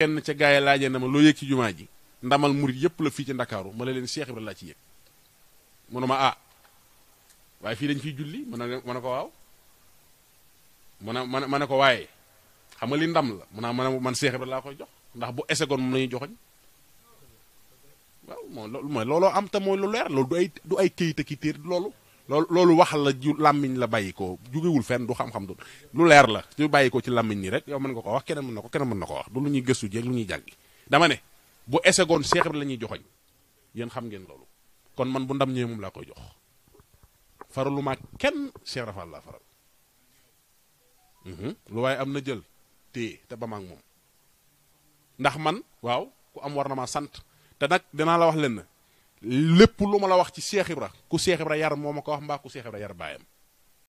kenn ca gaay laajee na ma loo yëg ci jumaa ji ndamal murit yëpp la fii ci ndakaaru ma la leen Cheikh Ibra laa ci yëg ma ah, waaye fii dañ fiy julli ma ne ma ne ko waaw mu ne ma ne ko waaye xam nga li ndam la mu ne man Cheikh Ibra laa koy jox ndax bu esegoon moom la ñuy joxoñ waaw mooy looloo am te mooy lu leer loolu du ay du ay këyit ak i loolu loolu loolu wax la ju làmmiñ la bàyyi ko jugewul fenn du xam-xam du lu leer la su bàyyi ko ci làmmiñ nii rek yow mën nga ko wax keneen mën na ko keneen mën na ko wax du lu ñuy gëstu jeeg lu ñuy jàngi dama ne bu esegoon Seex Ibra la ñuy joxoñ yéen xam ngeen loolu kon man bu ndam ñëwee moom laa koy jox faralu ma kenn Seex Ibra Faal laa faral mhm. lu waaye am na jël téye te ba maag moom ndax man waaw ku am war na maa sant te nag dinaa la wax leen lépp lu ma la wax ci Cheikh Ibra ku Cheikh Ibra yar moo ma ko wax mbaa ku Cheikh Ibra yar baayam